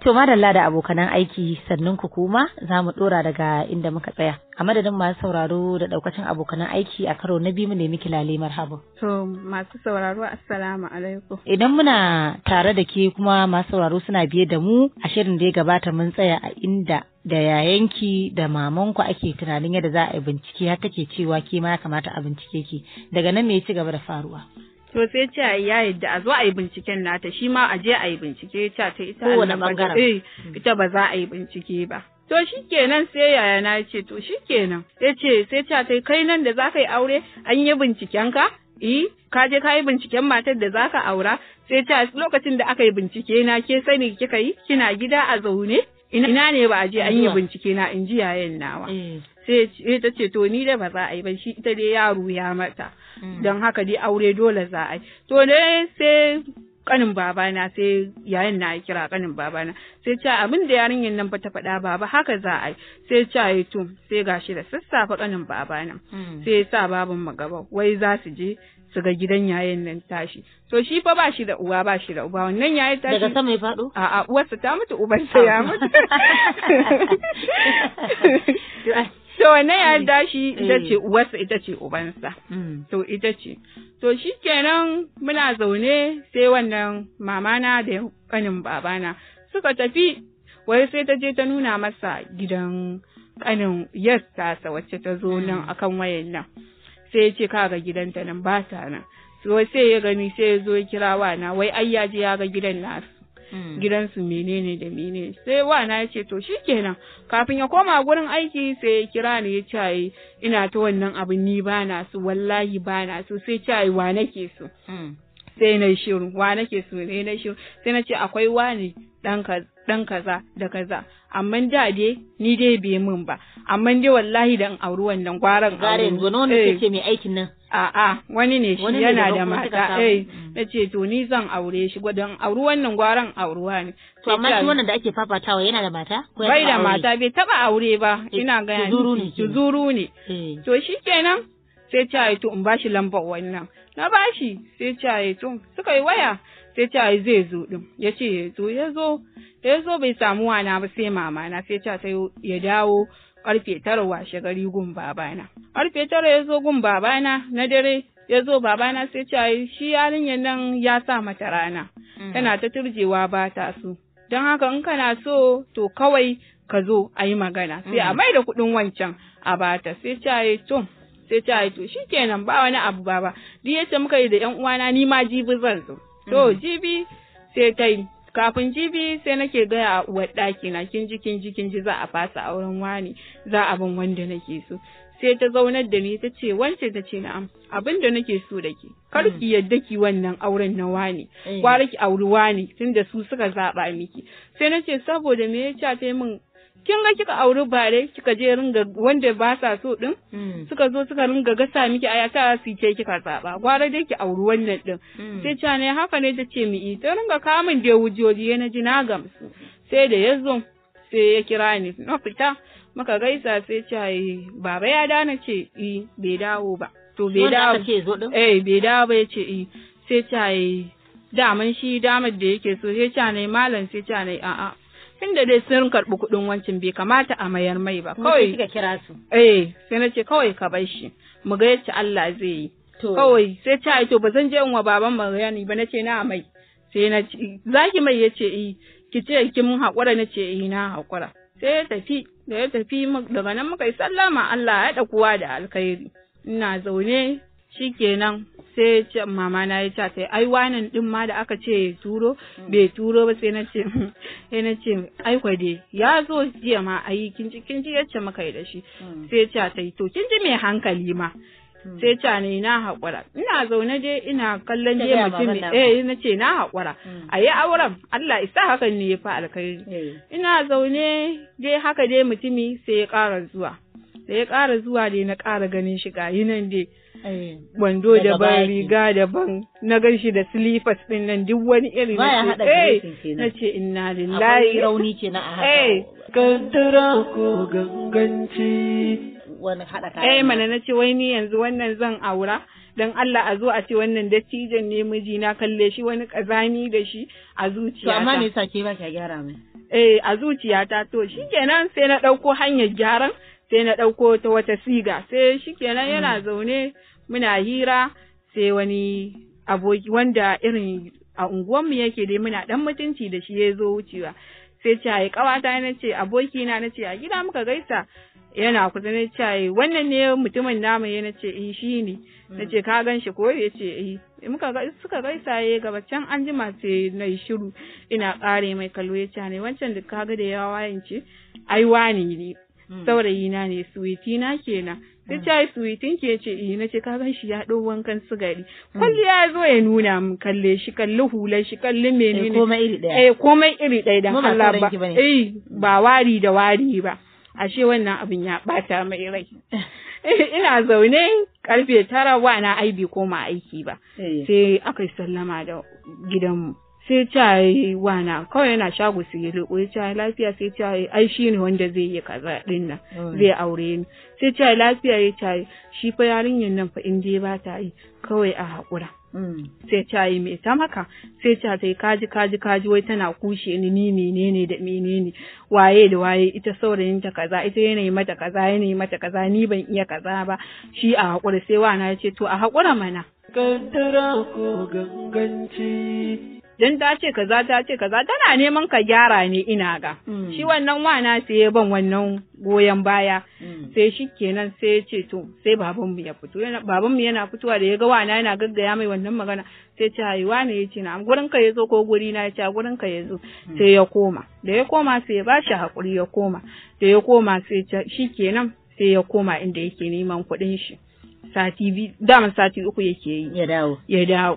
To madalla da abokanan aiki sannan ku kuma za mu dora daga inda muka tsaya. A madadin masu sauraro da daukacin abokanan aiki a karo na biyu mu nemi kilale marhaba. To masu sauraro assalamu alaikum. Idan muna tare da ke kuma masu sauraro suna biye da mu a shirin da ya gabata mun tsaya a inda da yayanki da mamanku ake tunanin yadda za a yi bincike har take cewa ke ma ya kamata a bincike ki daga nan me ya ci gaba da faruwa. to sai ce ya yadda a zo a yi binciken nata shi ma a je a yi bincike ya ta ita kowane bangaren eh, mm. ita ba za a yi bincike ba to shi shikenan sai yaya na ce to shi kenan. ya ce sai ta ta kai nan da za ka yi aure an yi binciken ka eh ka je ka yi binciken matar da za ka aura sai ta lokacin da aka yi bincike na ke sani kika yi kina gida a zaune ina ne ba a je an yi bincike na in ji yayan nawa eh. sai eh, ta ce to ni dai ba za a yi ba shi ita dai yaro ya mata mm. don haka dai aure dole za a yi to ne sai kanin babana sai yayin na kira kanin babana sai ce abin da yarinyar nan ta faɗa baba haka za a yi sai ce yi to sai gashi da sassafe kanin babana mm. sai ya sa baban magaba wai za su je su ga gidan yayin nan tashi to shi fa ba shi da uwa ba shi da uba wannan yayin tashi daga sama ya fado? a a uwarsa ta mutu uban sa ya mutu to wannan ya da shi ita ce eh. uwarsa ita ce ubansa hmm. to ita ce to shi kenan muna zaune sai wannan mamana da kanin babana suka tafi wai sai ta je ta nuna masa gidan kanin yes tasa wacce ta zo hmm. nan akan wayan nan sai ya ce kaga ta nan ba ta nan sai ya gani sai ya zo ya kira wa na wai ai ya je ya ga gidan nasu Mm. gidansu menene da menene sai wa na ce to shikenan kafin ya koma gurin aiki sai ya kira ni ya ce ina ta wannan abin ni ba na su wallahi ba na su sai ce wa nake so sai na shiru wa nake so ne na shiru sai na ce akwai wani dan ɗan kaza da kaza amma da dai ni dai bai min ba amma dai wallahi dan auri wannan gwaran gare yanzu na wanda ce eh. mai aikin nan a'a wani ne shi yana da mata eh mm. nace to ni zan aure shi gwadon auri wannan gwaran auruwa ne to amma shi wannan da ake fafatawa yana da mata ko bai da mata bai taba aure ba eh, ina ga zuru ne eh. to shikenan sai ce to in bashi lambar wannan na bashi sai ce to suka yi waya sai ce ai zai zo din ya ce ya zo ya zo ya zo bai samu wana ba sai mama na sai ce sai ya dawo karfe tara washe gari gun babana karfe tara ya zo gun babana na dare ya zo babana sai ce ai shi yarinyar nan ya sa mata rana mm. tana ta turjewa ba ta so don haka in kana so to kawai ka zo a yi magana sai a mm. mai da kuɗin wancan a bata sai ce to sai ta yi to kenan ba wani abu ba ba duk yace muka yi da yan uwana ni ma jibi zan zo to jibi mm-hmm. sai kai, kafin jibi sai nake gaya a uwarɗakina ɗaki kin ji kin ji kin ji za a fasa auren wani za a bin wanda nake so sai ta zaunar da ni ta ce wance ta ce na'am abin da nake so da ke kar ki mm-hmm. yadda ki wannan auren na wani kwara eh. ki auri wani tunda su suka zaɓa miki sai nace saboda me ya ta min kin ga kika auri bare kika je ringa wanda ba sa so din hmm. suka zo suka ringa sa miki aya ta su ce kika saba gwara dai ki auri wannan din hmm. sai cha ne haka ne ta ce mi ta ringa kamun da wujoji na ji na gamsu sai da ya zo sai ya kira ni na fita maka gaisa sai yi baba ya dana ce i bai dawo ba to bai dawo eh bai dawo ba ya ce i sai yi daman shi damar da yake so sai ce ne malam sai ce ne a'a tunda dai sun karɓi kuɗin wancan bai kamata a mayar mai ba kawai kika kira su eh sai na ce kawai ka bar shi mu ga yacce Allah zai yi kawai sai ta to ba zan je in wa baban magani ba ce na mai sai na zaki mai yace eh ki ce ki mun haƙura ce eh na haƙura sai ya tafi da ya tafi daga nan muka yi sallama Allah ya haɗa kowa da alkhairi ina zaune shikenan sai mama na ya ce sai ai wanan din ma da aka ce turo bai turo ba sai na ce sai na ce ai kwade ya zo jiya ma ai kin ji kin ji yacce muka yi da shi mm. sai ce sai to kin ji mai hankali ma mm. sai ce ne na haƙura ina zaune dai ina kallon dai mutum eh na ce na haƙura mm. a yi auren Allah isa hakan ne ya fa alkhairi eh. ina zaune dai haka dai mutumi sai ya ƙara zuwa sai ya ƙara zuwa dai na ƙara ganin shi ga yi nan dai Eh, wando daban riga daban na gashi da slippers din nan duk wani iri na ce na ce inna lillahi rauni ke na a hada eh, kantara ko ganganci wani hada kaya eh mana na ce wai ni yanzu wannan zan aura dan Allah a zo a ce wannan dattijan ne miji na kalle shi wani kazani da shi a zuciya to amma me yasa ke ba ka gyara mai eh a zuciyata to shikenan sai na dauko hanyar gyaran sai na ɗauko ta wata siga sai shikenan yana mm. zaune muna hira sai wani aboki wanda irin a unguwanmu yake dai muna dan mutunci da shi ya zo wucewa sai ce ai kawata na ce abokina na ce a gida muka gaisa yana kusa na ce wannan ne mutumin namu ya na ce eh shi ne na ce ka gan shi ko ya ce eh muka suka gaisa ya gaba can an jima sai na shiru ina kare mai kallo ya ce ne wancan da kaga da yawa yin ce ai wani ne Mm. saurayi na ne suwiti na kenan mm. sai ta yi suwitin ke ce eh na ce ka ban shi ya ɗau wankan sigari mm. kulli ya zo ya nuna mun kalle shi kalli hular shi kalli eh, menene komai iri ɗaya eh komai iri ɗaya dan Allah ba eh ba wari da wari ba ashe wannan abin ya bata mai rai eh, ina zaune karfe tara wa na aibi koma aiki ba eh. sai aka sallama da gidanmu sai ce wana kawai yana shago su yi ya ce lafiya sai ce ai shi ne wanda zai yi kaza din nan mm. zai aure ni sai ce lafiya ya ce shi fa yarinyar nan fa in ba ta yi kawai a hakura. Mm. sai ce ai me ta maka sai ce sai kaji kaji kaji wai tana kushe ni ni menene da menene waye da waye ita saurayin ta kaza ita yanayi mata kaza yanayi mata kaza ni ban iya kaza ba shi a hakura sai wana ya ce to a hakura mana kaddara ko ganganci Don ta ce kaza ta ce kaza tana neman ka gyara ne ina ga hmm. shi wannan wana sai ya ban wannan goyon baya hmm. sai shi kenan sai ya ce to sai babanmu ya fito babanmu yana fitowa da ya ga wana yana gaggaya mai wannan magana sai ce haiwa ne ya ce na gurin ka ya zo ko guri na ya ce gurin ka ya zo hmm. sai ya koma da ya koma sai ya bashi hakuri ya koma da ya koma sai shi kenan sai ya koma inda yake neman kuɗin shi sati biyu dama sati uku yake yi ya dawo ya dawo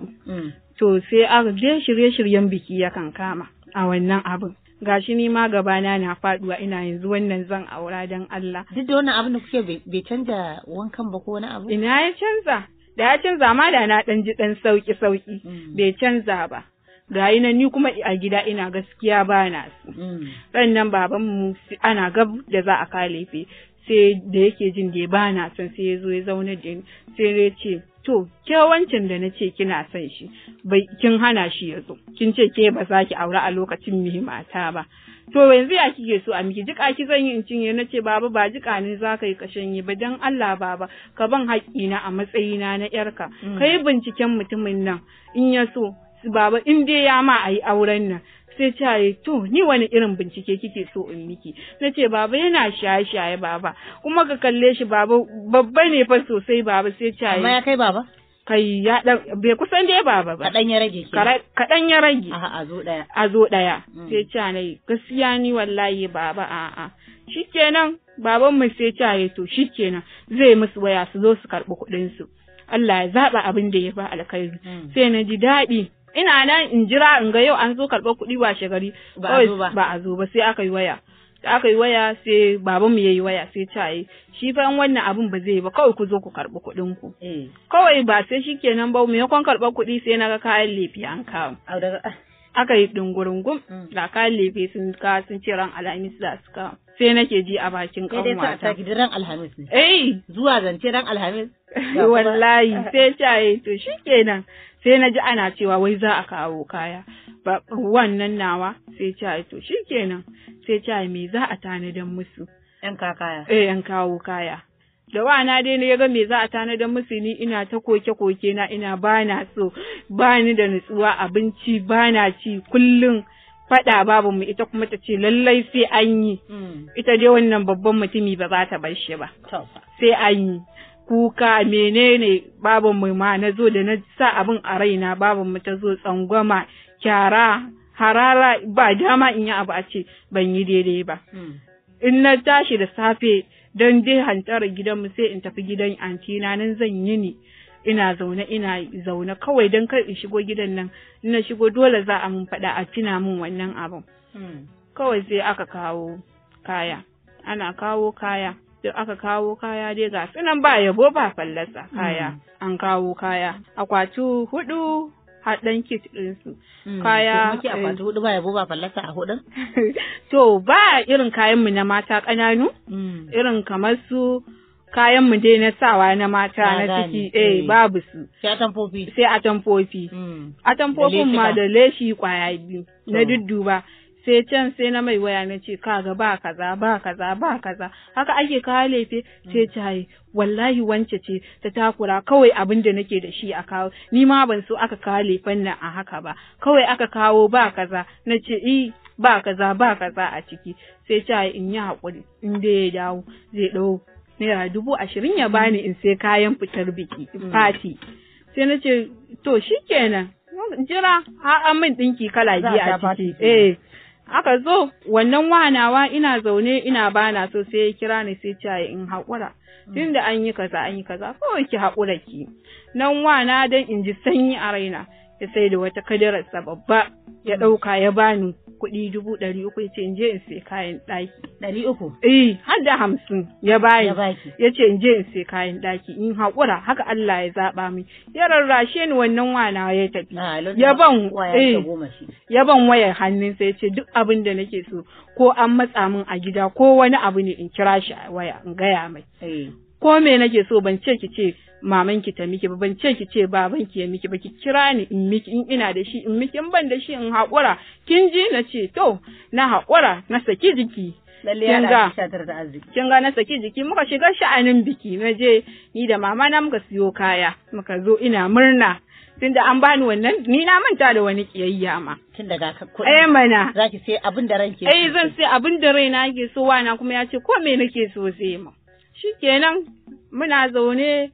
to sai a je shirye-shiryen biki kan kama a wannan abin gashi ni ma gabana na faduwa ina yanzu wannan zan aura don Allah duk da wannan abin da kuke bai canza wankan ba ko wani abu ina ya canza da ya canza ma da na dan ji dan sauki sauki mm. bai canza ba ga na ni kuma a gida ina gaskiya ba na su mm. sannan mu ana gab da za a kalefe sai da yake jin da ba na son sai ya zo ya zauna da ni sai ya ce to kyawancin da da ce kina son shi bai kin hana shi ya zo kin ce ke ba za ki aure a lokacin mata ba to yanzu ya kike so a miki jika ki zan yi in cinye ce, baba ba jika ne za ka yi kashen yi ba dan Allah baba ka ban haƙƙina a matsayina na yarka mm. kai binciken mutumin nan in ya so baba in dai ya ma ayi auren nan sai ce to ni wani irin bincike kike so in miki na ce baba yana shaye shaye baba kuma ka kalle shi baba babba ne fa sosai baba sai ce amma ya kai baba kai ya dan bai kusan dai baba ba kadan ya rage kadan ya rage a zo daya a zo daya mm. sai ce gaskiya ni wallahi baba a a shikenan baban mu sai ce to shikenan zai musu waya su zo su karbi kuɗinsu. su Allah ya zaba abin da ya ba alkhairi mm. sai na ji daɗi ina nan in jira in ga yau an zo karɓar kuɗi washe gari ba a zo ba sai aka yi waya sai aka yi waya sai baban mu yayi waya sai ta yi shi fa wannan abun ba zai ba kawai ku zo ku karɓi kuɗin ku eh. kawai ba sai shi kenan ba mu yakon karɓar kuɗi sai na ga kayan lefi an kawo ah. aka yi dungurungum mm. da kayan lefe sun ka sun ce ran alhamis da suka sai nake ji a bakin kanwata. Sai dai ran alhamis ne. Eh zuwa zance ran alhamis. Wallahi sai ta yi to kenan sai na ji ana cewa wai za a kawo kaya ba wannan nawa sai ce to shikenan sai ce me za a tanadan musu yan kaya. eh yan kawo kaya da na dai ne yaga ga me za a tanadan musu ni ina ta koke koke na ina bana so bani da nutsuwa abinci bana ci kullum faɗa babu mu ita kuma ta ce lallai sai an yi mm. ita dai wannan babban mutumi ba za ta bar shi ba sai an yi kuka menene baban mu ma na zo da na sa abin a raina baban mu ta zo tsangwama kyara harara ba dama in yi abu a ce ban yi daidai ba hmm. in na tashi da safe don dai hantarar gidanmu sai in tafi gidan antina nan zan yi ni ina zaune ina zaune kawai don kar in shigo gidan nan na shigo dole za a mun faɗa a tina mun wannan abin hmm. kawai sai aka kawo kaya ana kawo kaya sai aka kawo kaya dai ga sunan ba yabo ba fallasa kaya mm. an kawo kaya akwatu hudu haɗan kit ɗinsu. Mm. Kaya. Kuma eh, akwati hudu ba yabo ba fallasa a hudun? To ba irin kayan mu na mata ƙananu, mm. irin kamar su kayan mu dai na sawa na mata na ciki eh, eh babu su. Sai atamfofi. Sai atamfofi. Atamfofin ma da leshi kwaya biyu na dudduba. sai can sai na mai waya na ce kaga ba kaza ba kaza ba kaza haka ake kawo lefe sai caye wallahi wance ce ta takura kawai abin da nake da shi a kawo ni ma ban so aka kawo lefen nan a haka ba kawai aka kawo ba kaza na ce i ba kaza ba kaza a ciki sai caye in yi haƙuri in da ya dawo zai dawo naira dubu ashirin ya bani in sai kayan fitar biki fati sai na ce to shikenan jira a'a min ɗinki kala biyu a ciki aka zo wannan wanawa ina zaune ina bana so sai ya kira ni sai ce in haƙura Tunda da an yi kaza an yi kaza kawai ki haƙura ki nan wana dan in ji sanyi a raina ya sai da wata kadararsa babba ya mm. ɗauka ya bani kuɗi dubu ɗari uku ya ce in je in sai kayan ɗaki. Ɗari uku? Eh, har da hamsin ya bayi. Ya ce in je in sai kayan ɗaki in haƙura haka Allah ya zaɓa min. Ya rarrashe ni wannan wana ya tafi. Ah, ya ban eh, ya ban wayar hannunsa ya ce duk abin da nake so ko an matsa min a gida ko wani abu ne in kira shi a waya in gaya mai. Eh. ko me nake so ban ce ki ce maman ki ta miki ba ban ce ki ce baban ki ya miki ba ki kira ni in miki in ina da shi in miki in ban da shi in haƙura kin ji na ce to na haƙura na saki jiki kin ga na saki jiki muka shiga sha'anin biki na je ni da mama na muka siyo kaya muka zo ina murna tun da an bani wannan ni na manta da wani kiyayya ma tun daga kuɗi Ai eh, mana zaki sai abin da ranke Ai eh, zan sai abin da raina ke so wa na kuma ya ce ko me nake so sai ma. shi kenan muna zaune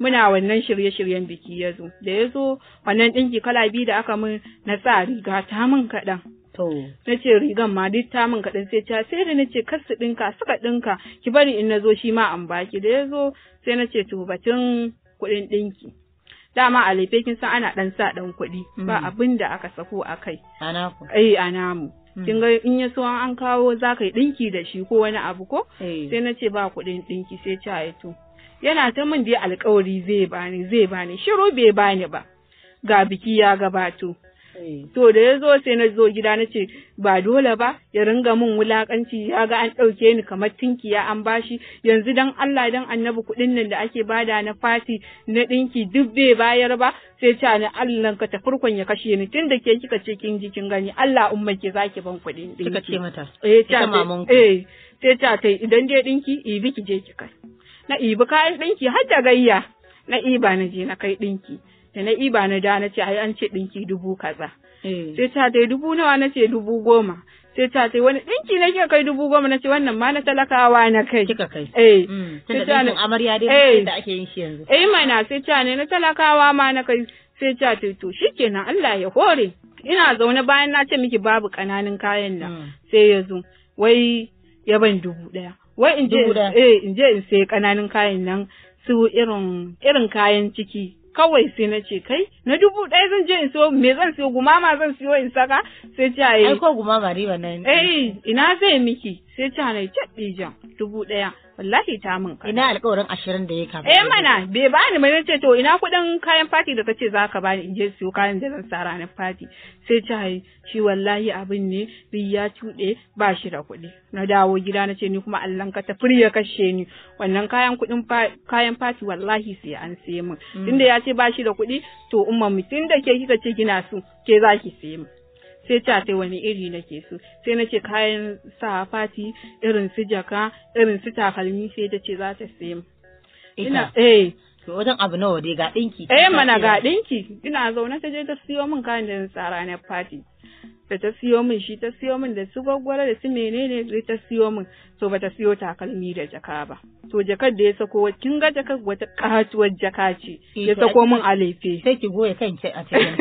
muna wannan shirye-shiryen biki ya zo da ya zo wannan ɗinki kala biyu da aka min na sa riga ta min kaɗan. To. Na ce rigan ma duk ta min kaɗan sai ta sai da na ce kar ɗinka suka ɗinka ki bari in na zo shi ma an baki da ya zo sai na ce to batun kuɗin ɗinki. Dama a lefe kin san ana ɗan sa ɗan kuɗi ba mm. abin da aka sako a kai. Ana ku. Eh ana mu. Hmm. kin ga in ya so an kawo za ka yi ɗinki da shi ko wani abu ko eh. sai na ce ba kuɗin ɗinki sai ce ya to yana ta min dai alkawari zai bani zai bani shiru bai bani ba ga biki ya gabato Eh. To da ya zo sai na zo gida na ce ba dole ba ya ringa min wulakanci ya ga an ɗauke ni kamar tinkiya an bashi yanzu dan Allah dan annabi kuɗin nan da ake bada na fati na ɗinki duk bai bayar ba sai ce ni Allah ka tafurkon ya kashe ni tun da ke kika ce kin ji kin gani Allah umma ke zaki ban kuɗin ɗinki. Kika ce mata. Eh ta eh sai ta idan dai ɗinki ibi ki je ki kai. Na ibi kayan ɗinki har da gayya na iba na je na kai ɗinki. da na iba na da na ce ai an ce ɗinki dubu kaza. Eh. Sai ta ta dubu nawa na ce dubu goma. sai ta ce wani ɗinki na kika kai dubu goma na ce wannan ma na talakawa na kai. Kika kai. Eh. Mm. Sai ta ne amarya dai eh. da ake yin shi yanzu. Eh mana sai ta ne na talakawa ma na kai sai ta ce to shikenan Allah ya hore. Ina zaune bayan na ce miki babu ƙananan kayan nan mm. sai ya zo wai ya ban dubu ɗaya. Wai in je eh, in je in sai ƙananan kayan nan su irin irin kayan ciki kawai sai na ce kai na dubu ɗaya zan je in siyo me zan siyo gumama zan siyo in saka sai ce ai ko gumama riba eh ina zai miki sai ta ne caɓe jan dubu ɗaya wallahi ta min ka. Ina alƙawarin ashirin da ya kama. Eh mana bai bani ni mai ce to ina kuɗin kayan fati da kace za ka ba in je siyo kayan da zan sa ranar fati sai ta yi shi wallahi abin ne bi ya cuɗe ba shi da kuɗi. Na dawo gida na ce ni kuma Allah ka ta ya kashe ni wannan kayan kuɗin kayan fati wallahi sai an sai min. Mm. Tunda ya ce ba shi da kuɗi to umma mutum da ke kika ce kina su ke za ki sai min. sai ta sai wani iri nake so sai na ce kayan sa fati irin su jaka irin su takalmi sai ta ce za ta sayi ina eh to wajen abu nawa dai ga dinki eh mana ga dinki ina zaune ta je ta siyo min kayan da tsara na fati da ta siyo min shi ta siyo min da su gwaggwara da su menene ne ta siyo min to bata siyo takalmi da jaka ba to jakar da ya sako kin ga jakar wata katuwar jaka ce eh, ya sako min a laife. sai ki goye kanki a cikin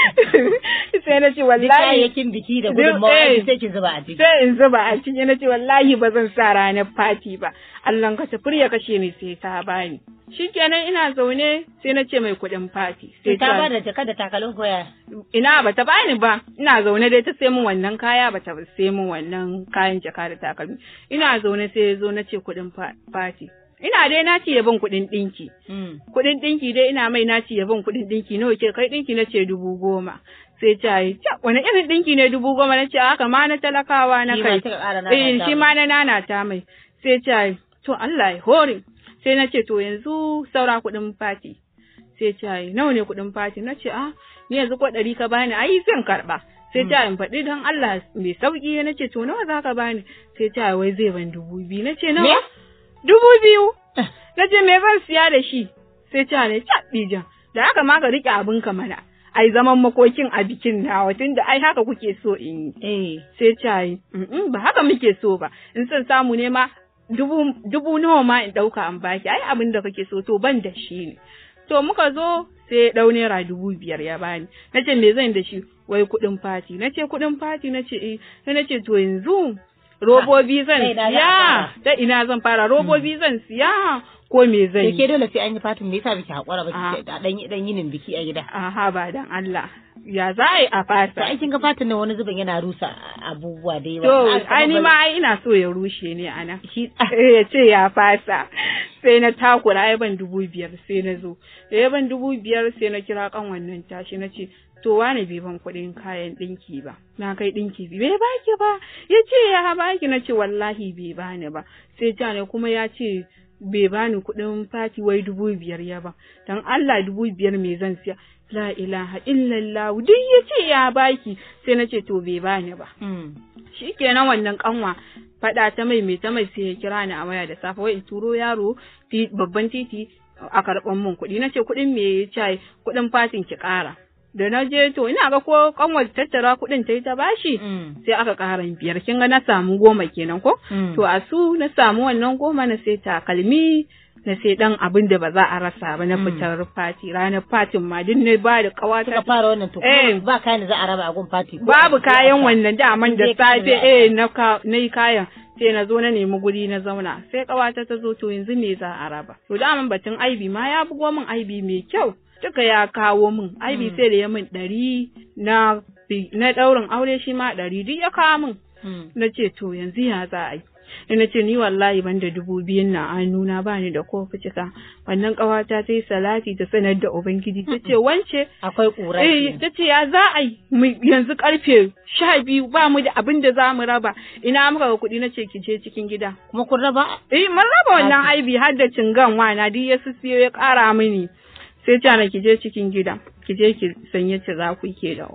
sai na ce wallahi kayayyakin biki da gudunmawa eh, sai ki zuba a ciki sai in zuba a ciki na ce wallahi ba zan sa ranar fati ba Allah ka tafi ya kashe ni sai ta bani shikenan ina zaune sai na ce mai kuɗin fati. Sai ta ba da jaka da takalin koya. Ina ba ta bani ba, ina zaune dai ta sai min wannan kaya ba ta sai min wannan kayan jaka da takalmi. Ina zaune sai zo na ce kuɗin fati. Ina dai na ce yabon kuɗin ɗinki. Hmm. Kuɗin ɗinki dai ina mai na ce yabon kuɗin ɗinki nawa ke kai ɗinki na ce dubu goma. sai ta yi wani irin ɗinki ne dubu goma na ce haka ma na talakawa na kai. Shi ma eh, na nana ta mai. Sai ta yi to Allah ya hori sai na ce to yanzu saura kuɗin fati sai ce ai nawa ne kuɗin fati na ce ah ni yanzu ko ɗari ka bani ai zan karɓa sai mm. ta ai faɗi don Allah mai sauƙi na ce to nawa za ka bani sai ta wai zai ban dubu biyu na ce nawa dubu biyu eh. na ce me zan siya da shi sai ta ai caɓi jan da haka ma ka riƙe abin ka mana ai zaman makokin a bikin nawa tunda ai haka kuke so in yi. Eh. Sai ce ai ba haka muke so ba in son samu ne ma dubu nawa ma in ɗauka an baki ai abin da kake so to ban da shi ne to muka zo sai ya ɗau naira dubu biyar ya bani na ce me zan da shi wai kuɗin fati na ce kuɗin fati na ce eh na ce to yanzu robobi zan siya da ina zan fara robobi hmm. zan siya ko me zan yi ke dole sai an yi fatin me yasa biki hakura ba ki dan dan yinin biki a gida aha ba dan Allah ya za a yi a fata. Ai kin ga fatan nan wani zubin yana rusa abubuwa da yawa. To ai ni ma ai ina so ya rushe ne ana. Eh, ya ce ya fasa. Sai na takura ai ban dubu biyar sai na zo. Da ya ban dubu biyar sai na kira kan wannan tashi na ce to wani bai ban kuɗin kayan ɗinki ba. Na kai ɗinki bai baki ba. Ya ce ya baki na ce wallahi bai bani ba. Sai ja ne kuma ya ce bai bani kuɗin fati wai dubu biyar ya ba dan Allah dubu biyar mai zan siya la ilaha illallah duk ya ce ya baki sai na ce to bai bani ba shi hmm. shikenan wannan kanwa faɗa ta mai mai ta mai sai ya kira ni a waya da safe wai in turo yaro babban titi a karɓan mun kuɗi na ce kuɗin me ya ce kuɗin fatin ki ƙara da na je to ina ga ko kanwar tattara kuɗin ta yi ta bashi mm. sai aka ƙara biyar kin ga na samu goma kenan ko mm. to a su na samu wannan goma na sai takalmi na sai dan abin da ba za a rasa ba na mm. fitar fati ranar fatin ma duk ne ba da kawa ta fara wannan to eh. ba kayan da za a raba a gun fati babu kayan wannan da man da safe eh na yi kayan sai na zo na nemi guri na zauna sai kawata ta zo to yanzu me za a raba to da batun aibi ma ya bugo min aibi mai kyau duka ya kawo min ai bi mm. sai da ya min ɗari na na ɗaurin aure shi ma ɗari duk ya kawo min mm. na ce to yanzu ya za a yi na ce ni wallahi ban da dubu biyun na hannuna ba ni da kofi cika wannan ƙawata ta yi salati ta sanar da ubangiji ta ce wance akwai ƙura eh ta ce ya za a yi yanzu karfe sha biyu ba mu da abin da za mu raba ina muka ga kuɗi na ce ki je cikin gida kuma kun raba eh mun raba wannan aibi har da cingan wana duk ya siyo ya ƙara mini sai ce na ki je cikin gida ki je ki sanye ki za ku ke da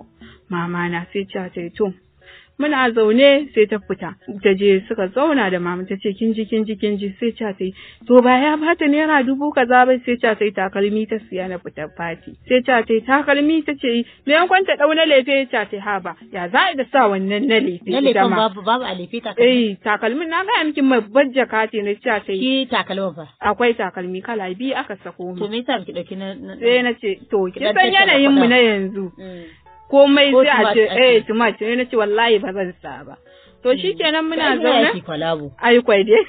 mama na sai ce ta to muna zaune sai ta fita ta je suka zauna da mama ta ce kin ji kin ji kin ji sai ta ce to ba ya bata naira dubu kaza ba sai ta ce takalmi ta siya na fita fati sai ta ce takalmi ta ce me ya kwanta dau na lefe ta ce ha ba ya za da sa wannan na lefe na ma babu babu a lefe takalmi eh takalmin na ga miki babbar jaka ce na ta ce ki takalma ba akwai takalmi kala biyu aka sako mu to me yasa ki dauki na sai na ce to kin san yanayin mu na yanzu mm. komai sai a ce eh tumac ne na ce wallahi ba zan sa ba to hmm. shikenan muna zaune ai kwai dai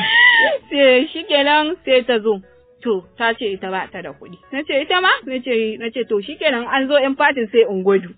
sai shikenan sai ta zo to ta ce ita ba ta da kuɗi na ce ita ma na ce na ce to shikenan an zo in fatin sai in gudu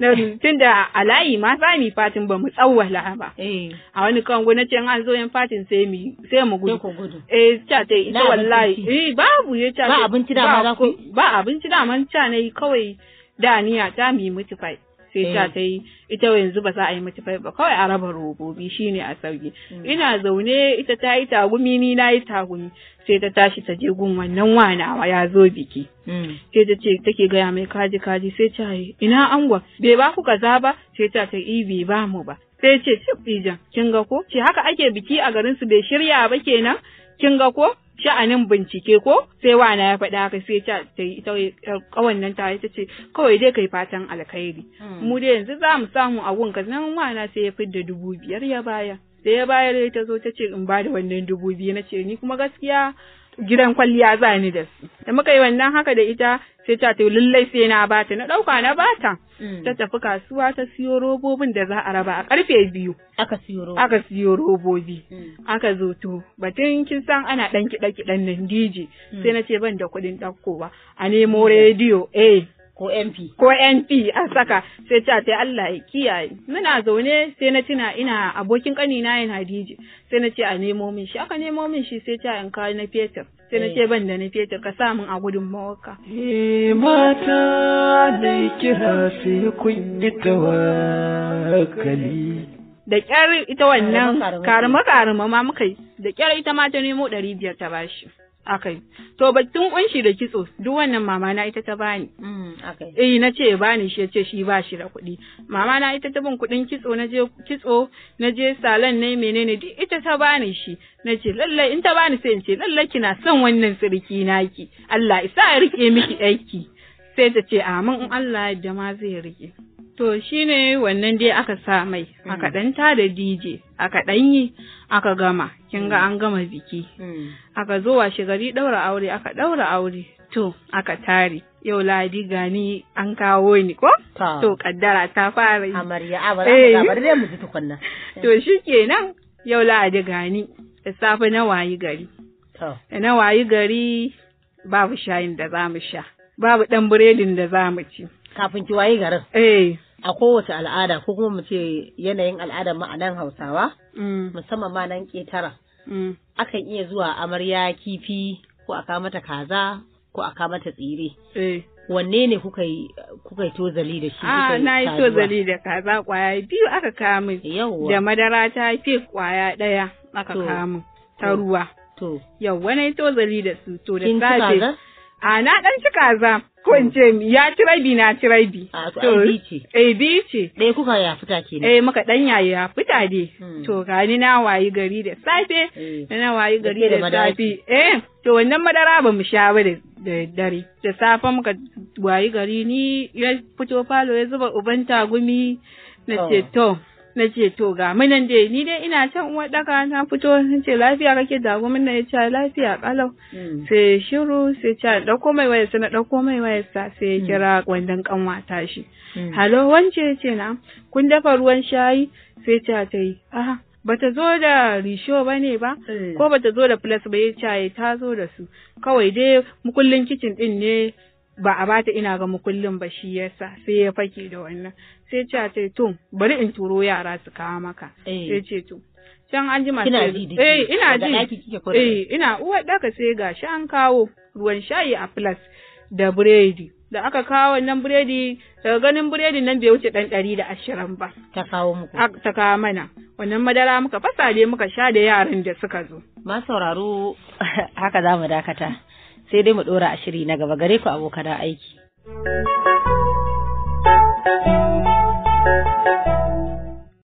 na tun da a layi ma za mu fatin ba mu tsawwala ba eh. a wani kango na ce an zo yan fatin sai mu sai mu gudu eh cha ta ita wallahi eh babu ya cha ba abinci da ma ba abinci da man cha ne kawai da niya ta mi mutifai sai ta eh. ta yi ita yanzu ba za a yi mutifai ba kawai a raba robobi shine a sauki mm. ina zaune ita ta yi tagumi ni na yi tagumi sai ta tashi ta je gun wannan wanawa ya zo biki mm. sai ta ce take gaya mai kaji kaji sai ta yi ina angwa bai ba ku kaza ba sai ta ta yi eh, bai ba mu ba sai ce jan kin ga ko ce haka ake biki a garin su bai shirya ba kenan kin ga ko sha'anin bincike ko sai wana ya faɗa haka sai ta yi kawai nan ta ta ce kawai dai kai fatan alkhairi hmm. mu da yanzu za mu samu a gunka nan wana sai ya fidda dubu biyar ya baya sai ya bayar ta zo ta ce in ba da wannan dubu biyu na ce ni kuma gaskiya gidan kwalliya za ni da su da muka yi wannan haka da ita sai ta ta lallai sai na bata na ɗauka na bata mm. ta tafi kasuwa ta siyo robobin da za a raba a karfe biyu aka siyo robobi aka siyo robobi mm. aka zo to batun kin san ana ɗan kiɗa kiɗan nan DJ mm. sai na ce ban da kuɗin ɗaukowa a nemo rediyo eh ko MP. Ko MP a saka sai ta yi Allah ya kiyaye. Muna zaune sai na tuna ina abokin kanina yana DJ sai na ce a nemo min shi aka nemo min shi sai ta in yanka na fetur. Sai na ce eh. ban da na fetur ka sa min a gudun mawaka. Eh, mata da kira sai kun yi tawakkali. Da kyar ita wannan karama-karama ma muka yi da kyar ita ma ta nemo ɗari biyar ta bashi. akai to batun kunshi da kitso duk wannan mama na ita ta bani mm, eh na ce bani shi yace shi ba shi da kuɗi mama na ita ta bin kuɗin kitso na je kitso na je salon ne menene duk ita ta bani shi na ce lalle in ta bani sai in ce lalle kina son wannan sirki naki Allah isa ya rike miki aiki sai ta ce amin in Allah ya dama zai rike To shi ne wannan dai aka sa mai, aka mm. ɗan da DJ, aka ɗan yi, aka gama, kin ga mm. an gama biki. Mm. Aka zo washe gari ɗaura aure, aka ɗaura aure, to aka tare. Yau ladi gani an kawo ni ko? To kaddara ta fara yi. Amarya, a bari dai mu ji tukunna. To shi ke nan yau ladi gani, da safe na wayi gari. Na wayi gari babu shayin da za mu sha, babu ɗan biredin da za mu ci. kafin ki waye garin. Eh. A kowace al'ada ko kuma mu ce yanayin al'ada ma'anan Hausawa. Mm. Musamman ma nan ƙetara. Mm. Akan iya zuwa amarya kifi ko a mata kaza ko a mata tsire. Eh. wanne ne kuka yi tozali da shi? Ah, na yi tozali da kaza kwaya biyu aka kamun. Yawwa. Da madara ta fi kwaya ɗaya aka kamun ta ruwa. To. Yawwa na yi tozali da su to da safe. A na dan ci kaza. Ko in ce ya ci rabi na ci rabi. A to ai ce. bi ce. Eh, Ɗaya kuka ya fita ke Eh maka dan yayi ya fita dai. Hmm. To gani na wayi gari da safe. Eh. Na wayi gari da safe. Eh to wannan madara ba mu sha ba da dare. Da safe muka wayi gari ni ya fito falo ya zuba uban tagumi. Na ce to. na ce to ga munan dai ni dai ina can uwar daka na fito Sun ce lafiya kake dago mun ya ce lafiya kalau mm. sai shiru sai ce dauko mai waya sai na dauko mai waya sai ya mm. kira gwandan kanwata shi mm. halo wance ce na kun dafa ruwan shayi sai ce ta yi ah bata zo da risho ba ne ba ko bata zo da plus ba ya ta zo da su kawai dai mukullin kicin din ne ba a bata ina ga mukullin ba shi yasa sai ya fake da wannan sai ce ce to bari in turo yara su kawo maka eh. sai ce to can an jima sai eh, ina ji eh ina uwa daka sai ga shi an kawo ruwan shayi a plus da biredi da aka kawo wannan biredi daga ganin biredi nan bai wuce ɗan ɗari da ashirin ba ta kawo muku ta kawo mana wannan madara muka fasale muka sha da yaran da suka zo ma sauraro haka za mu dakata sai dai mu ɗora a shiri na gaba gare ku abokan aiki.